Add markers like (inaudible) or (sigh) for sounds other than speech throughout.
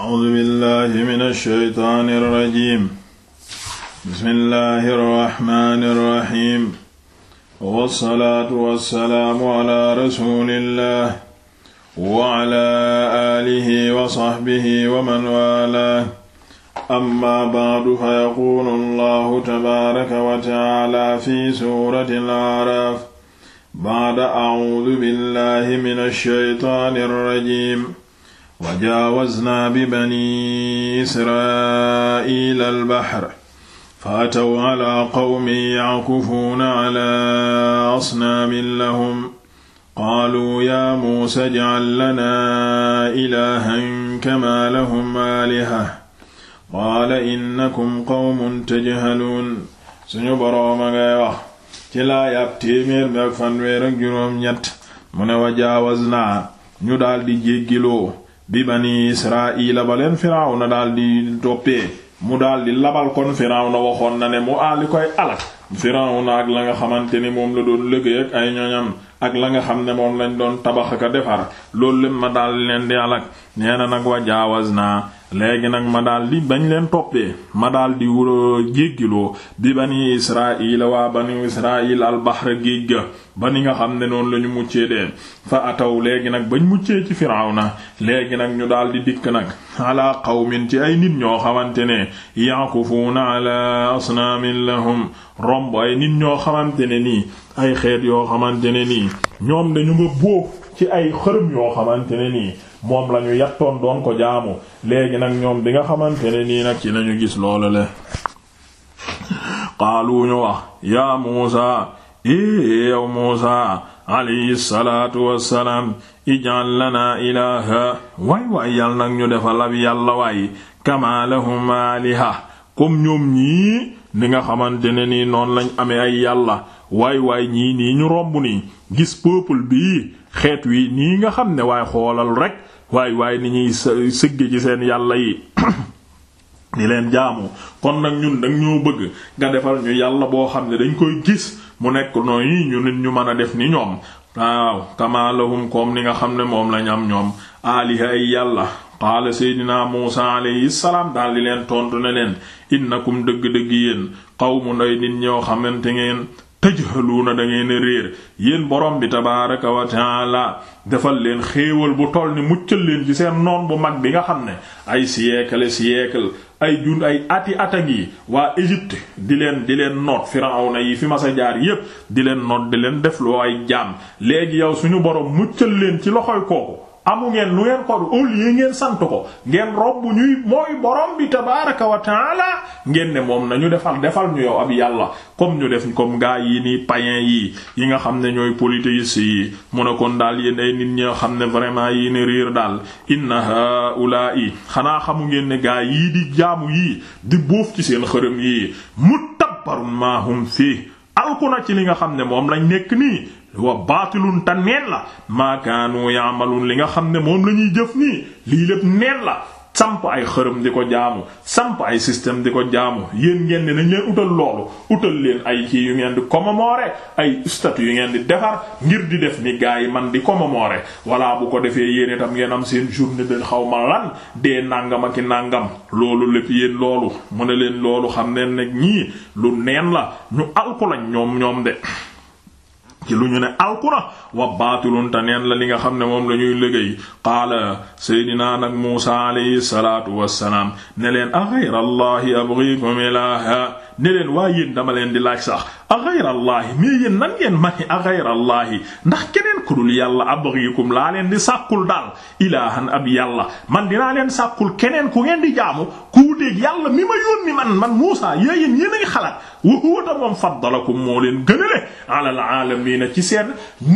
A'uuzu billaahi mina shaytaani rajiim. Bismillaahi rahmaani rahiim. Wa salaatu wa salaamu ala rasuulillaah wa ala aalihi wa sahbihi wa man waalaah. Amma ba'du fa yaquulu Allaahu tabaaraka wa ta'aalaa fi suuratil A'raaf. Ba'da a'uuzu billaahi mina shaytaani rajiim. wa jaawaznaa bi bani israa'iila al-bahra fa ataw alaa qawmin ya'kufuuna alaa asnaamin lahum qaaluu yaa muusaa ij'al lanaa ilaahan kamaa lahum aaliha qaala innakum qawmun tajhaluun suñu borooma ngay wax ci laayaab téeméer bi ak fanweer ak juróom ñett mu ne wa jaawaznaa ñu daldi jéggiloo bi bani israila ba leen firawna daal di toppee mu daldi di labal kon firawna waxoon na ne mu aali koy alak firawna ak la nga xamante ni moom la doon liggéey ak ay ñoñam ak la nga xam ne moom lañ doon tabax ka defar loolu lépp ma daal leen di alak nee na nag wa jaawaz naa léegi nag ma daal di bañ leen toppee ma daal di wuro jéggiloo bi bani israil waa bani israil albahra géej ga ba ni nga xam ne noonu la ñu muccee dee fa ataw léegi nag bañ muccee ci firawna léegi nag ñu daal di dikk nag ala qawmin ci ay nit ñoo xamante ne yaqufuna ala asnaamin lahum romb ay nit ñoo xamante ne nii ay xeet yoo xamante ne nii ñoom dañu nga bóof ci ay xërëm yoo xamante ne nii moom la ñu yattoon doon ko jaamu léegi nag ñoom bi nga xamante ne nii nag ci lañu gis loolu le qaalu ñu wax yaa Muusaa i yow Muusaa alayhi salaatu wassalaam ij'al lanaa ilaaha waay waay yàlla nag ñu defal ab yàlla waay kamaa lahum aaliha comme ñoom ñii ni nga xamante ne nii noonu lañ ame ay yàlla waay waay ñii nii ñu romb nii gis peuple bii xeet wi nii nga xam ne waaye xoolal rek waaye waaye ni ñuy sëgge ci seen yàlla yi (coughs) di leen jaamu kon nag ñun dang ñoo bëgg nga defar ñu yàlla boo xam ne dañ koy gis mu nekk nooyi ñu nit ñu mën a def ni ñoom waaw kama koom ni nga xam ne moom lañ am ñoom aaliha ay yàlla qaala seydina muusa alayhi salaam daal di leen tontu ne leen innakum dëgg-dëgg yéen qawmun ay nit ñoo xamante ngeen tajhaluuna na ngeen réer yéen boroom bi tabaaraka wa taala defal leen xéewal bu toll ni muccal leen ci seen noon bu mag bi nga xam ne ay siècle siècle ay jun ay ati ata ngi waa Égypte di leen di leen noot na yi fi sa jaar yépp di leen noot di leen def loo ay jaam léegi yow suñu borom muccal leen ci loxoy kooku amu ngeen lu ngeen ko au lieu ngeen sant ko ngeen robb ñuy mooy borom bi tabaaraka wa taala ngeen ne moom na ñu defal defal ñu yow ab yàlla comme ñu def comme gaa yi nii païens yi yi nga xam ne ñooy polythéistes yi mu ne kon daal yéen ay nit ñi xam ne vraiment yi ne riir daal inna haula'i xanaa xamu ngeen ne gaa yii di jaamu yi di bóof ci seen xërëm yi mu ma hum fi alku na ci li nga xam ne moom lañ nekk nii wa baatilun te neen la maakaanu yaamaluun li nga xam ne moom la ñuy jëf nii lii lépp neen la samp ay xërëm di ko jaamu samp ay système di ko jaamu yéen ngeen ne nañ leen utal loolu utal leen ay kii yu ngeen di commémorer ay statue yu ngeen di defar ngir di def ni gaa yi man di commémorer walla bu ko defee yéen itam ngeen am seen journée de xaw ma lan dee nàngam ak i nàngam loolu lépp yéen loolu mu ne leen loolu xam ne nag ñii lu neen la ñu alku lañ ñoom de ci lu ñu ne alkura wa baatilun te la li nga xam ne moom la ñuy liggéey qaala seydinaa nag muusa alayhi salaatu wassalaam ne leen a ghayra allahi abghikum ilaha leen waa yéen dama leen di laaj sax a ghayra allahi mais yéen nan ngeen mani a ghayra allahi ndax keneen ku dul yàlla abghikum laa leen di sàkkul daal ilaahan ab yàlla man dinaa leen sàkkul keneen ku yen di jaamu wuuteeg yàlla mi ma yónni man man Muusaa yéen yéen a ngi xalaat wa huwa ta moom faddalakum moo leen gënale alal ci seen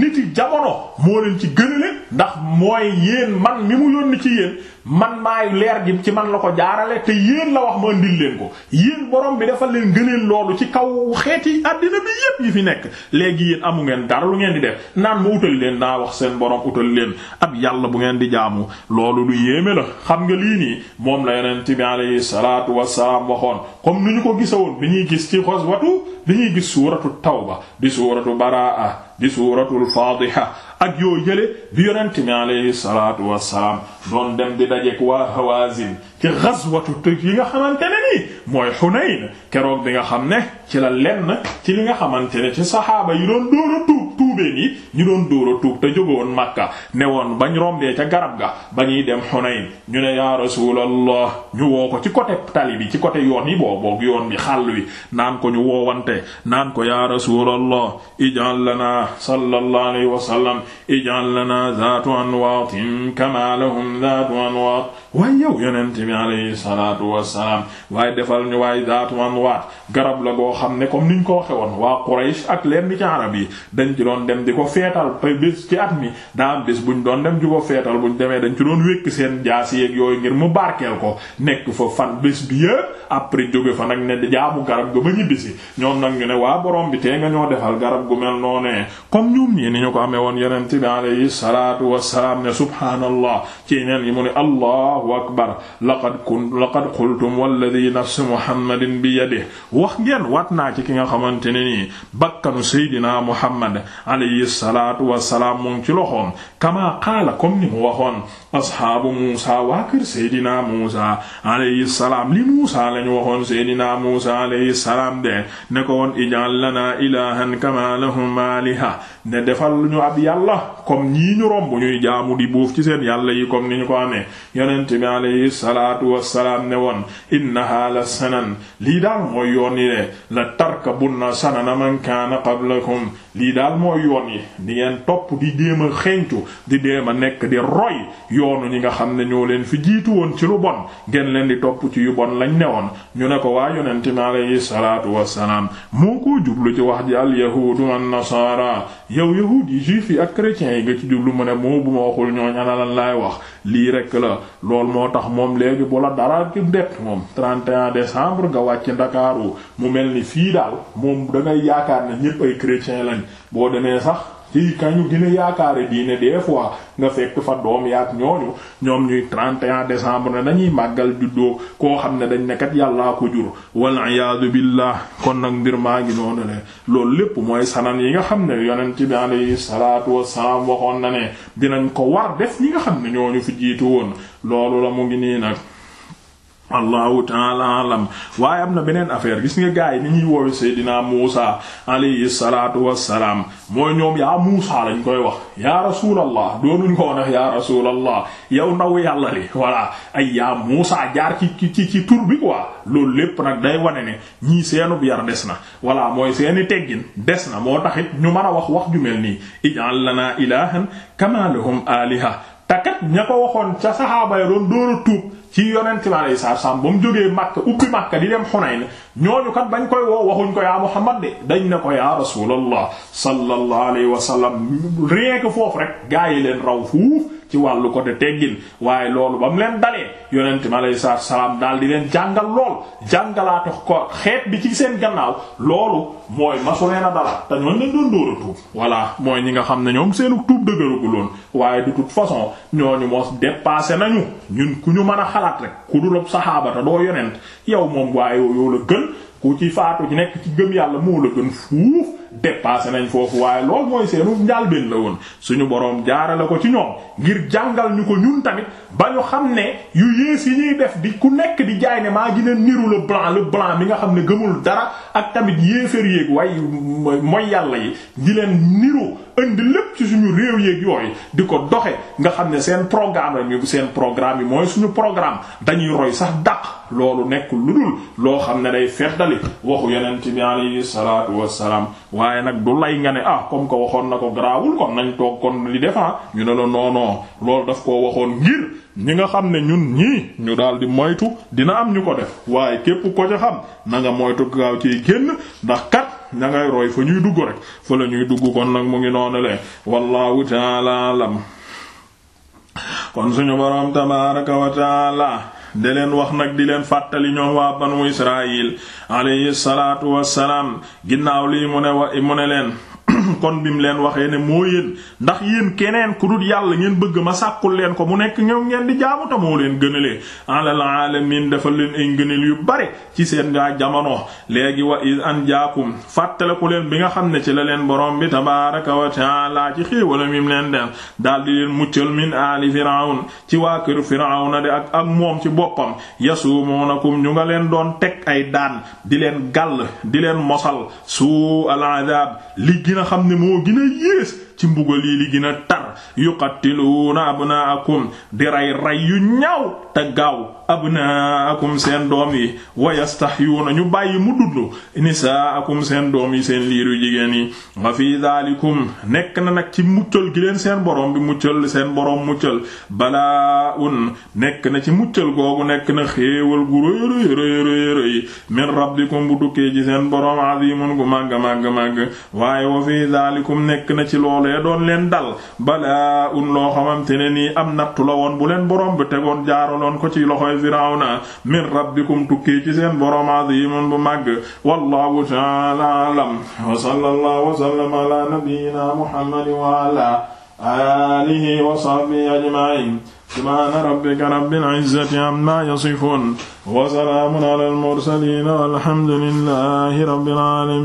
niti jamono moo leen ci gënale ndax mooy yéen man mi mu yónni ci yéen man maay leer gi ci man la ko jaarale te yéen la wax ma ndil leen ko yéen borom bi dafa leen gëneen loolu ci kaw xeeti àddina bi yépp yi fi nekk léegi yéen amu ngeen dara lu ngeen di def naan ma utal leen naa wax seen borom utal leen ab yàlla bu ngeen di jaamu loolu lu yéeme la xam nga lii nii moom la yonent bi alayhi salaatu wassalaam waxoon comme ni ñu ko gisawoon bi ñuy gis ci xos watu dañuy gis suuratu tawba di suuratu baraa di suuratul faadiha ak yoo yële bi yoo mi alayhi salaatu wassalaam doon dem di dajeek waa Hawaazin ci gazwatu yi nga xamante ne nii mooy Hunayn keroog bi nga xam ne ci la lenn ci li nga xamante ne ci saxaaba yi doon dóor a tuub tuubeen yi doon dóor a tuub te jógoon Makka ne woon bañ rombee ca garab ga ba ñuy dem Hunayn ñu ne yaa rasuulallah ñu woo ko ci côté tali bi ci côté yoon yi boo boog yoon bi xàll wi naan ko ñu woowante naan ko yaa rasuulallah ij'al lana sallallahu alayhi wa sallam ij'al lana zaatu anwaatin kama lahum zaatu anwaat waaye yow yonent bi alayhi salaatu wassalaam waaye defal ñu waaye zaatu anwaat garab la xam ne comme niñ ko waxe woon waa Quraysh ak leen ni ci arab yi dañ ci doon dem di ko feetal bés ci at mi daa am bés buñ doon dem di ko feetal buñ demee dañ ci doon wékk seen jaasi yooyu ngir mu barkeel ko nekk fa fan bés bi yëpp après jóge fa nag ne jaamu garab ga ba ñibbisi ñoom nag ñu ne waa borom bi tee nga ñoo defal garab gu mel noonee comme ñoom ñii ni ñu ko amee woon yonent bi alayhi salaatu wassalaam ne subhaanallah ci neen yi mu ne allahu akbar laqad kun laqad qultum walladhi nafsu muhammadin bi yadihi wax ngeen waat naa ci ki nga xamante ne nii bakkanu seydina muhammad alayhi salaatu wassalaam mu ngi ci loxoom kama qaala comme waxoon asxaabu muusa waa kër seydina muusa salaam li muusa lañu waxoon seydina muusa alayhi salaam de ne ko lana ilaahan kama lahum aliha ne defal ñu ab yàlla comme ñii ñu romb ñuy jaamu di buuf ci seen yàlla yi comme ni ñu ko amee yonent bi alayhi salaatu wassalaam ne woon innaha la sanan lii daal mooy yoon yi la tarkabunna sanana man kaana qablakum lii daal mooy yoon yi di ngeen topp di déem a xencu di déem a nekk di roy yoonu ñi nga xam ne ñoo leen fi jiitu woon ci lu bon ngeen leen di topp ci yu bon lañ newoon ñu ne ko waa yonent bi alayhi salaatu wassalaam moo ko jublu ci wax ji al yahuudu an nasaara yi nga ci jublu mu ne moo bu ma waxul ñooñ ana lan laay wax lii rek la lool moo tax moom léegi boo la dara ci det moom 31 décembre nga wàcc Ndakaaru mu mel ni fii daal moom da ngay yaakaar ne ñépp ay chrétien lañ boo demee sax ci ka gën a yaakaare diine des fois nga fekk fa doom yaak ñooñu ñoom ñuy 31 décembre ne dañuy màggal juddoo koo xam ne dañ nekkat yàllaa ko jur wal iyaadu billah kon nag mbir maa ngi noonu ne loolu lépp mooy sanan yi nga xam ne yonent bi alayhi salaatu wassalaam waxoon na ne dinañ ko war def ñi nga xam ne ñooñu fi jiitu woon loolu la mu ngi nii nag allahu taala alam waaye am na beneen affaire gis nga gars yi ni ñuy woowe Seydina Muusa alayhi salaatu wassalaam mooy ñoom yaa Muusa lañ koy wax yaa rasuulallah doonuñ ko wax yaa rasuulallah yow ndaw yàlla li voilà ay yaa Muusa jaar ci ci ci tur bi quoi loolu lépp nag day wane ne ñii seenub yar des na voilà mooy seeni teggin des na moo taxit ñu mën a wax wax ju mel nii ij'al lanaa ilaahan kamaa lahum aaliha takkat ña ko waxoon ca saxaaba ya doon dóor a tuub ci yonente bi alayhi salaatu salaam ba mu jógee Makka ubbi Makka di dem Hunayn ñooñu kat bañ koy woo waxuñ ko yaa Muhammad de dañ ne ko yaa Rasuulallah sallallahu alayhi wa sallam rien que foofu rek gaa yi leen raw fuuf ci wàllu côté teggin waaye loolu ba mu leen dalee yonent mi alayhi salaam daal di leen jàngal lool jàngalaate ko xeet bi ci seen gannaaw loolu mooy masu leen a dala te ñooñ leen doon dóor tuub voilà mooy ñi nga xam ne ñoom seenu tuub dëgëraguloon waaye de toute façon ñooñu moo dépassé nañu ñun ku ñu mën a xalaat rek ku dul saxaaba te doo yonent yow moom waaye yow la gën ku ci faatu ci nekk ci gëm yàlla moo la gën fuuf dépassé nañ foofu waaye lool mooy seenu njàlbéen la woon suñu boroom jaarale ko ci ñoom ngir jàngal ñu ko ñun tamit ba ñu xam ne yu yées yi ñuy def bi ku nekk di jaay ne maa gina niru le blanc le blanc mi nga xam ne gëmul dara ak tamit yéefér yéeg way mooy yàlla yi di leen niru indi lépp ci suñu réew yéeg yooyu di ko doxe nga xam ne seen programme la ñu seen programme yi mooy suñu programme dañuy loolu nekk lu dul loo xam ne day feddali waxu yonent bi alayhi salaatu wassalaam waaye nag du lay nga ne ah comme ko waxoon na ko garaawul kon nañ toog kon li defaa ah. ñu ne la noonoo daf koo waxoon ñi nga xam ne ñun ñii ñu daal di moytu dina am ñu ko def waaye képp ko ca na moytu gaaw ciy génn ndax kat na roy fa ñuy dugg rek fa la ñuy dugg kon nag mu ngi noonu le wallahu ta'ala kon suñu borom tabaaraka wa de leen wax nag di leen fàttali ñoom waa banu israil alayhi salaatu wassalaam ginnaaw lii mu ne wa ne leen (coughs) kon bi mu leen waxee ne moo yéen ndax yéen keneen ku dul yàlla ngeen bëgg ma sàkkul leen ko mu nekk ñëw ngeen di jaamu ta moo leen gënalee alal alamin dafa leen ay ngëneel yu bare ci seen ngaa jamono léegi wa iz anjaakum fàttaleku leen bi nga xam ne ci la leen borom bi tabaaraka wa taala ci xéewala mim leen def daal di leen muccal min aali firawn ci waa kër firawna de ak ak moom ci boppam yasumunakum ñu nga leen doon teg ay daan di leen gàll di leen mosal xam ne moo gën a yées ci mbugal yi li gën a tar yuqattiluuna abnaakum di ray ray yu ñaaw te gaaw abnaakum seen doom yi wa yastahyuuna ñu bàyyi mu duddu nisaakum seen doom yi seen liiru jigéen yi wa fi daalikum nekk na nag ci muccal gi leen seen borom bi muccal seen borom muccal balaa un nekk na ci muccal googu nekk na xéewal gu rëy rëy rëy min rabbikum bu dukkee ci seen borom azimun gu màgg màgg màgg waaye wa fi daalikum nekk na ci lool loolee doon leen dal balaa un loo xamante ne nii am nattu la woon bu leen borom bi tegoon jaaraloon ko ci loxoy firawna min rabbikum tukkee ci seen borom azimun bu màgg wallahu ta'ala alam wa sallallahu wa sallama ala nabiyyina muhammadin wa ala alihi wa sahbihi ajma'in subhana rabbika rabbil izzati amma yasifun wa salamun ala al mursalin walhamdulillahi rabbil alamin